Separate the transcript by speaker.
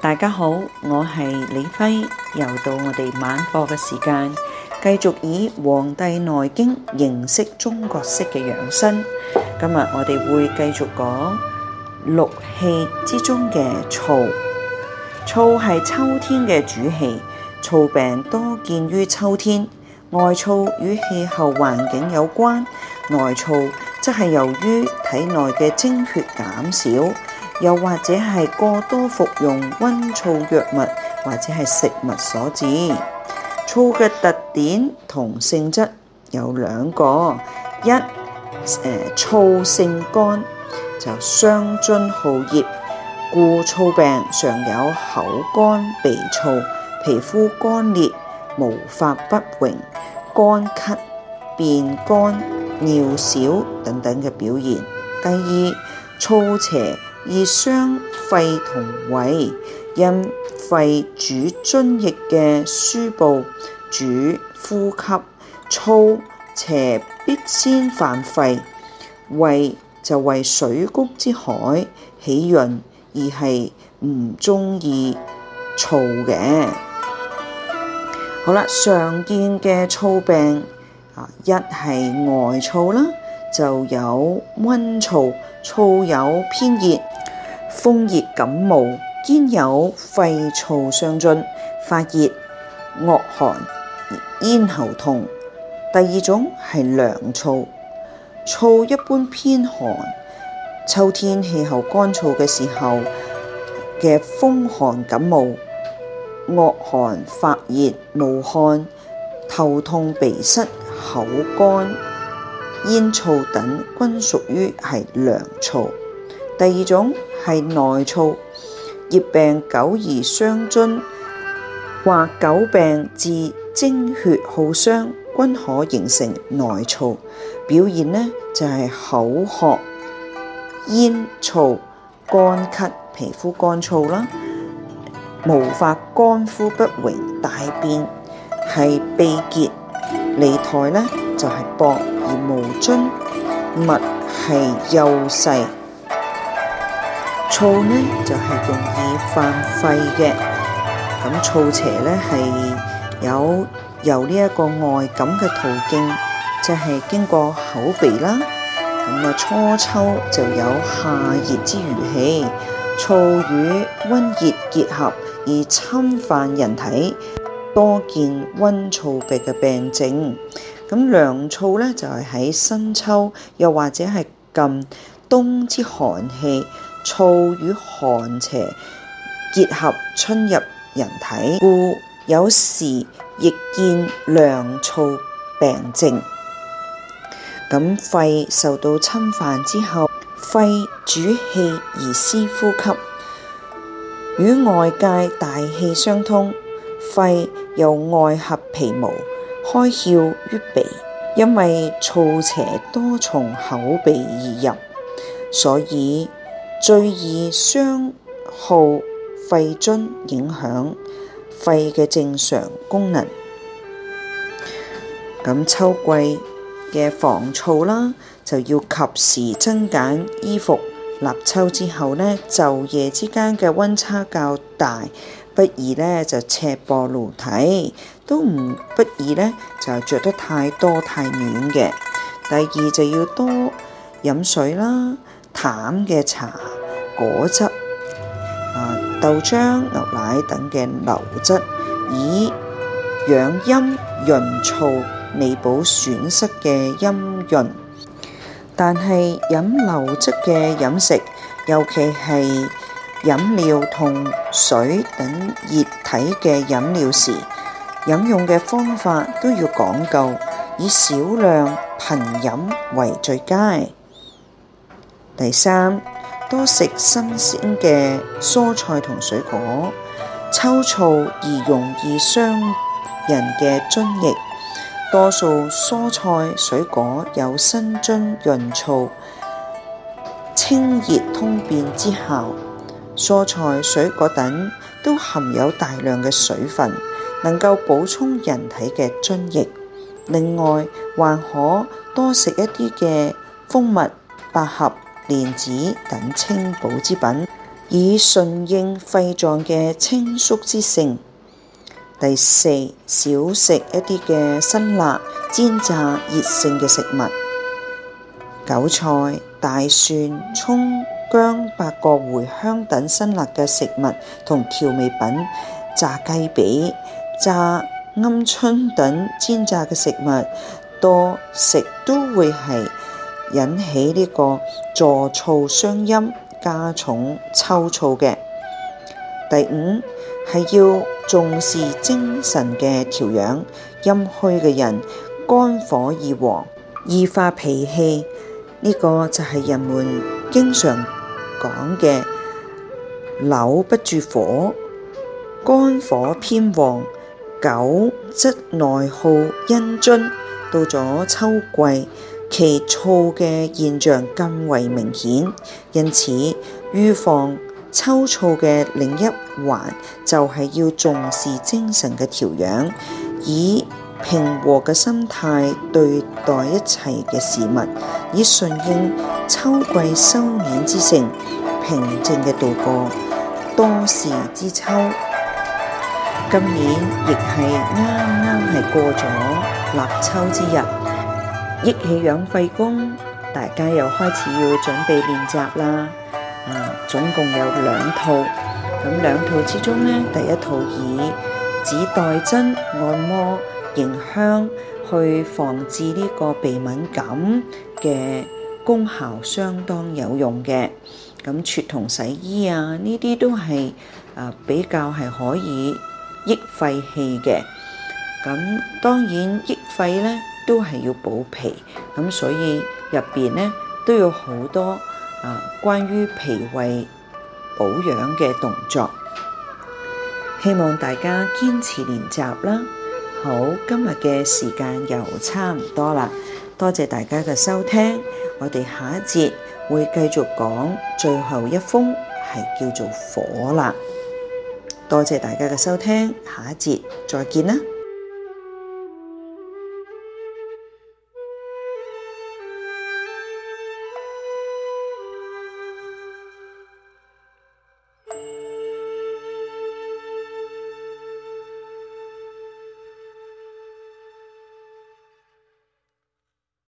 Speaker 1: 大家好，我係李輝，又到我哋晚課嘅時間，繼續以《黃帝內經》認識中國式嘅養生。今日我哋會繼續講六氣之中嘅燥。燥係秋天嘅主氣，燥病多見於秋天。外燥與氣候環境有關，內燥則係由於體內嘅精血減少。又或者係過多服用溫燥藥物，或者係食物所致。燥嘅特點同性質有兩個：一，誒、呃，燥性乾，就傷津耗液，故燥病常有口乾、鼻燥、皮膚乾裂、毛髮不榮、乾咳、便乾、尿少等等嘅表現。第二，燥邪。而傷肺同胃，因肺主津液嘅輸布，主呼吸，燥邪必先犯肺；胃就為水穀之海起潤，喜潤而係唔中意燥嘅。好啦，常見嘅燥病啊，一係外燥啦。就有溫燥，燥有偏熱，風熱感冒兼有肺燥傷津、發熱惡寒，咽喉痛。第二種係涼燥，燥一般偏寒，秋天氣候乾燥嘅時候嘅風寒感冒，惡寒發熱無汗，頭痛鼻塞，口乾。咽燥等均屬於係涼燥。第二種係內燥，熱病久而傷津，或久病致精血耗傷，均可形成內燥。表現呢就係、是、口渴、咽燥、乾咳、皮膚乾燥啦，毛髮乾枯不榮，大便係秘結，脷苔呢就係、是、薄。而無津，物係幼細，燥呢就係、是、容易犯肺嘅。咁燥邪呢，係有由呢一個外感嘅途徑，就係、是、經過口鼻啦。咁啊初秋就有夏熱之餘氣，燥與温熱結合而侵犯人體，多見温燥鼻嘅病症。咁涼燥咧就係喺深秋，又或者係近冬之寒氣，燥與寒邪結合侵入人體，故有時亦見涼燥病症。咁肺受到侵犯之後，肺主氣而司呼吸，與外界大氣相通，肺又外合皮毛。開竅於鼻，因為燥邪多從口鼻而入，所以最易傷耗肺津，影響肺嘅正常功能。咁秋季嘅防燥啦，就要及時增減衣服。立秋之後呢，晝夜之間嘅溫差較大。不宜咧就赤膊露體，都唔不宜咧就着得太多太暖嘅。第二就要多飲水啦，淡嘅茶、果汁、啊豆漿、牛奶等嘅流質，以養陰潤燥，彌補損失嘅陰潤。但係飲流質嘅飲食，尤其係。飲料同水等熱體嘅飲料時，飲用嘅方法都要講究，以少量頻飲為最佳。第三，多食新鮮嘅蔬菜同水果，秋燥而容易傷人嘅津液。多數蔬菜水果有生津潤燥、清熱通便之效。蔬菜、水果等都含有大量嘅水分，能夠補充人體嘅津液。另外，還可多食一啲嘅蜂蜜、百合、蓮子等清補之品，以順應肺臟嘅清肅之性。第四，少食一啲嘅辛辣、煎炸、熱性嘅食物，韭菜、大蒜、蔥。薑、八角、茴香等辛辣嘅食物同調味品，炸雞髀、炸鵪鶉等煎炸嘅食物多食都會係引起呢個助燥傷陰，加重秋燥嘅。第五係要重視精神嘅調養，陰虛嘅人肝火易旺，易發脾氣，呢個就係人們經常講嘅扭不住火，肝火偏旺，久則內耗陰津。到咗秋季，其燥嘅現象更為明顯，因此預防秋燥嘅另一環就係要重視精神嘅調養，以平和嘅心態對待一切嘅事物，以順應秋季收斂之性。平靜嘅度過多事之秋，今年亦係啱啱係過咗立秋之日，益氣養肺功，大家又開始要準備練習啦。啊，總共有兩套，咁兩套之中呢，第一套以指代針按摩迎香，去防治呢個鼻敏感嘅。功效相當有用嘅，咁脫同洗衣啊，呢啲都係、呃、比較係可以益肺氣嘅。咁當然益肺咧都係要補脾，咁所以入邊咧都有好多啊、呃、關於脾胃保養嘅動作，希望大家堅持練習啦。好，今日嘅時間又差唔多啦，多謝大家嘅收聽。我哋下一節會繼續講最後一封係叫做火啦，多謝大家嘅收聽，下一節再見啦。